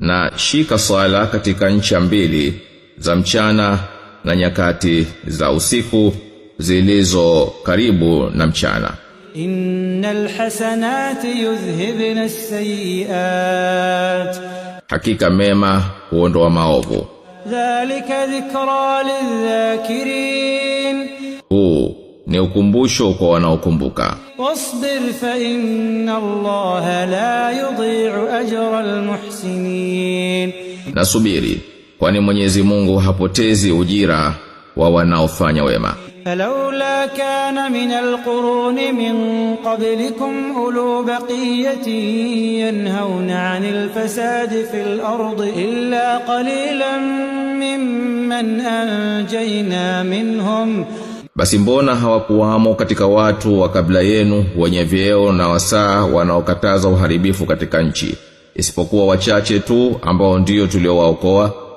na shika sala katika ncha mbili za mchana na nyakati za usiku zilizo karibu na mchana innal hasanati yuzhibna as sayiat hakika mema huondoa maovu dhalika dhikra lidh-dhakirin huu ni ukumbusho kwa wanaokumbuka wasbir fa inna allaha la yudhi'u ajra almuhsinin, nasubiri kwani Mwenyezi Mungu hapotezi ujira wa wanaofanya wema. Falaula kana min alquruni min qablikum ulu baqiyati yanhauna anil fasadi fil ardi illa qalilan mimman anjayna minhum basi mbona hawakuwamo katika watu wa kabla yenu wenye vyeo na wasaa wanaokataza uharibifu katika nchi isipokuwa wachache tu ambao ndio tuliowaokoa